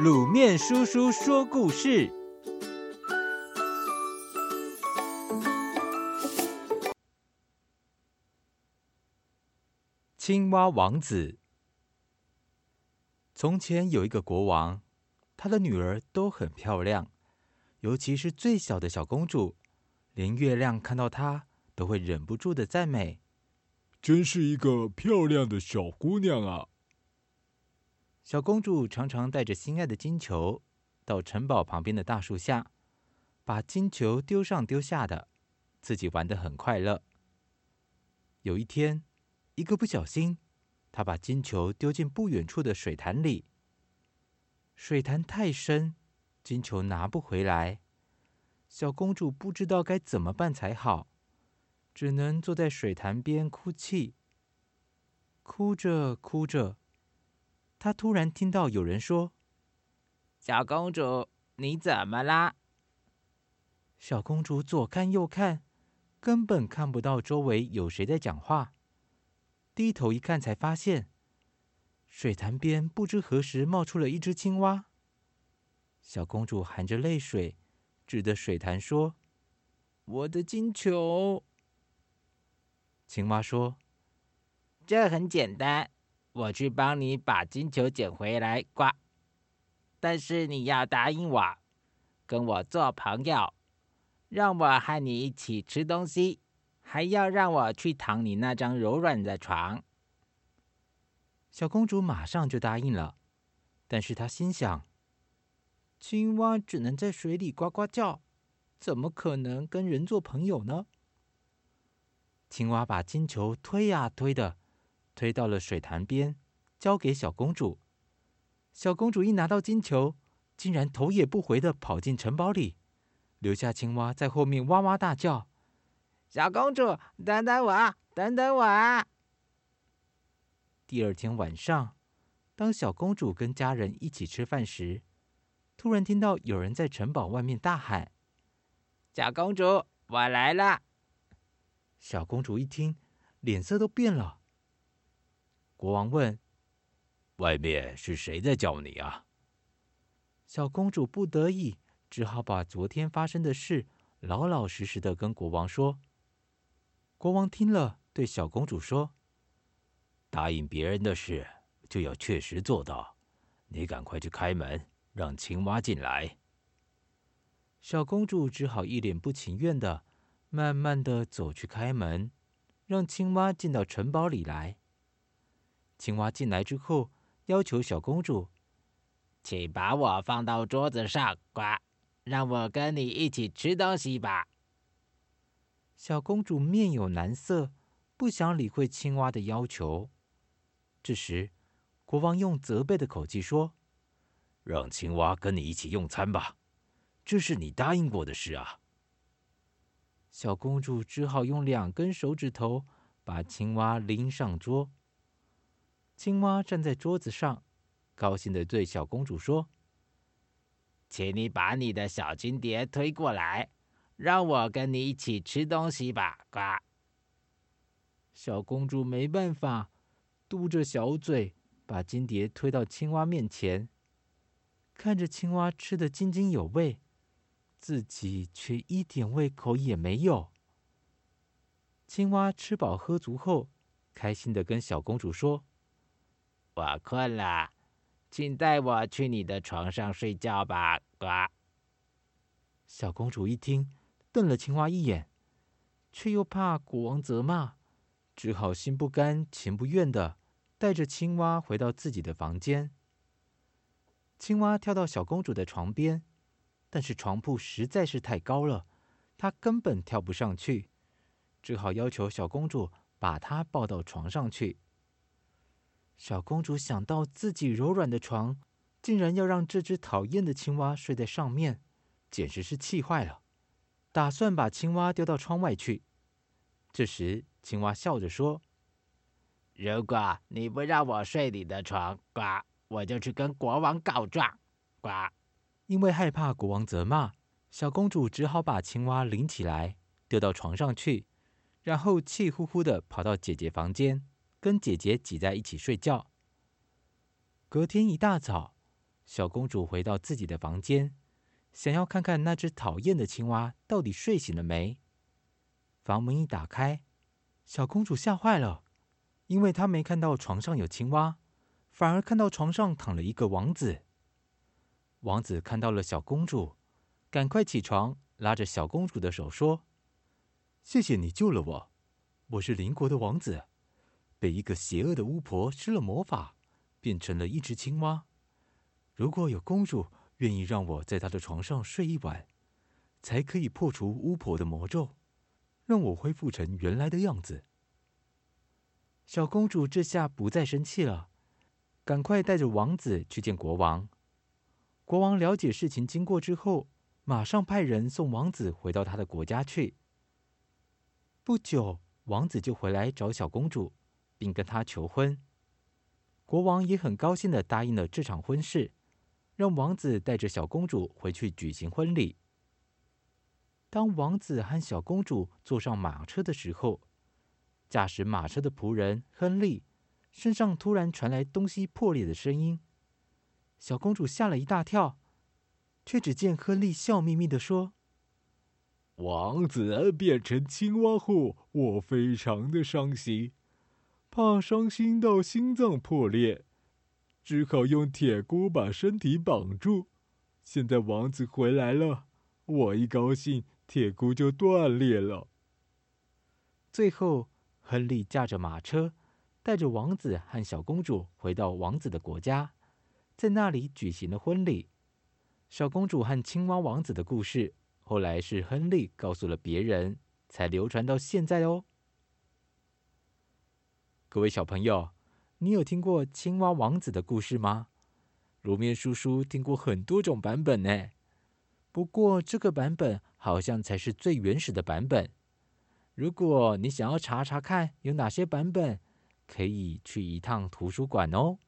滷麵叔叔說故事：青蛙王子。從前有一個國王，他的女兒都很漂亮，尤其是最小的小公主，連月亮看到她都會忍不住的讚美：“真是一個漂亮的小姑娘啊！”小公主常常帶着心愛的金球，到城堡旁邊的大樹下，把金球丟上丟下的，自己玩得很快樂。有一天，一個不小心，她把金球丟進不遠處的水潭裡。水潭太深，金球拿不回來。小公主不知道該怎麼辦才好，只能坐在水潭邊哭泣。哭着哭着。她突然聽到有人說：“小公主，你怎麼啦？”小公主左看右看，根本看不到周圍有誰在講話。低頭一看，才發現水潭邊不知何時冒出了一隻青蛙。小公主含着淚水，指着水潭說：“我的金球。”青蛙說：“這很簡單。”我去幫你把金球撿回來，呱！但是你要答應我，跟我做朋友，讓我和你一起吃東西，還要讓我去躺你那張柔軟的床。小公主馬上就答應了，但是她心想：青蛙只能在水裡呱呱叫，怎麼可能跟人做朋友呢？青蛙把金球推呀推的。推到了水潭邊，交給小公主。小公主一拿到金球，竟然頭也不回的跑進城堡裡，留下青蛙在後面哇哇大叫：“小公主，等等我，等等我啊！”第二天晚上，當小公主跟家人一起吃飯時，突然聽到有人在城堡外面大喊：“小公主，我來了！”小公主一聽，臉色都變了。國王問：“外面是誰在叫你啊？”小公主不得已，只好把昨天發生的事老老實實的跟國王說。國王聽了，對小公主說：“答應別人的事就要確實做到。你趕快去開門，讓青蛙進來。”小公主只好一臉不情願的，慢慢的走去開門，讓青蛙進到城堡裡來。青蛙進來之後，要求小公主：“請把我放到桌子上，乖，讓我跟你一起吃東西吧。”小公主面有難色，不想理會青蛙的要求。這時，國王用責備的口氣說：“讓青蛙跟你一起用餐吧，這是你答應過的事啊。”小公主只好用兩根手指頭把青蛙拎上桌。青蛙站在桌子上，高興地對小公主說：“請你把你的小金碟推過來，讓我跟你一起吃東西吧！”呱。小公主沒辦法，嘟着小嘴把金碟推到青蛙面前，看着青蛙吃得津津有味，自己卻一點胃口也沒有。青蛙吃飽喝足後，開心地跟小公主說。我困了，請帶我去你的床上睡覺吧，呱。小公主一聽，瞪了青蛙一眼，卻又怕國王責罵，只好心不甘情不願的帶着青蛙回到自己的房間。青蛙跳到小公主的床邊，但是床鋪實在是太高了，它根本跳不上去，只好要求小公主把它抱到床上去。小公主想到自己柔軟的床，竟然要讓這隻討厭的青蛙睡在上面，簡直是氣壞了，打算把青蛙丟到窗外去。這時，青蛙笑着說：“如果你不讓我睡你的床，呱，我就去跟國王告狀，呱。”因為害怕國王責罵，小公主只好把青蛙拎起來丟到床上去，然後氣呼呼地跑到姐姐房間。跟姐姐擠在一起睡覺。隔天一大早，小公主回到自己的房間，想要看看那只討厭的青蛙到底睡醒了沒。房門一打開，小公主嚇壞了，因為她沒看到床上有青蛙，反而看到床上躺了一個王子。王子看到了小公主，趕快起床，拉着小公主的手說：“謝謝你救了我，我是鄰國的王子。”被一個邪惡的巫婆施了魔法，變成了一隻青蛙。如果有公主願意讓我在她的床上睡一晚，才可以破除巫婆的魔咒，讓我恢復成原來的樣子。小公主這下不再生氣了，趕快帶着王子去見國王。國王了解事情經過之後，馬上派人送王子回到他的國家去。不久，王子就回來找小公主。並跟他求婚，國王也很高興地答應了這場婚事，讓王子帶着小公主回去舉行婚禮。當王子和小公主坐上馬車的時候，駕駛馬車的僕人亨利身上突然傳來東西破裂的聲音，小公主嚇了一大跳，卻只見亨利笑眯眯地說：“王子變成青蛙後，我非常的傷心。”怕傷心到心臟破裂，只好用鐵箍把身體綁住。現在王子回來了，我一高興，鐵箍就斷裂了。最後，亨利駕着馬車，帶着王子和小公主回到王子的國家，在那裡舉行了婚禮。小公主和青蛙王子的故事，後來是亨利告訴了別人，才流傳到現在哦。各位小朋友，你有聽過青蛙王子的故事嗎？羅面叔叔聽過很多種版本呢，不過這個版本好像才是最原始的版本。如果你想要查查看有哪些版本，可以去一趟圖書館哦。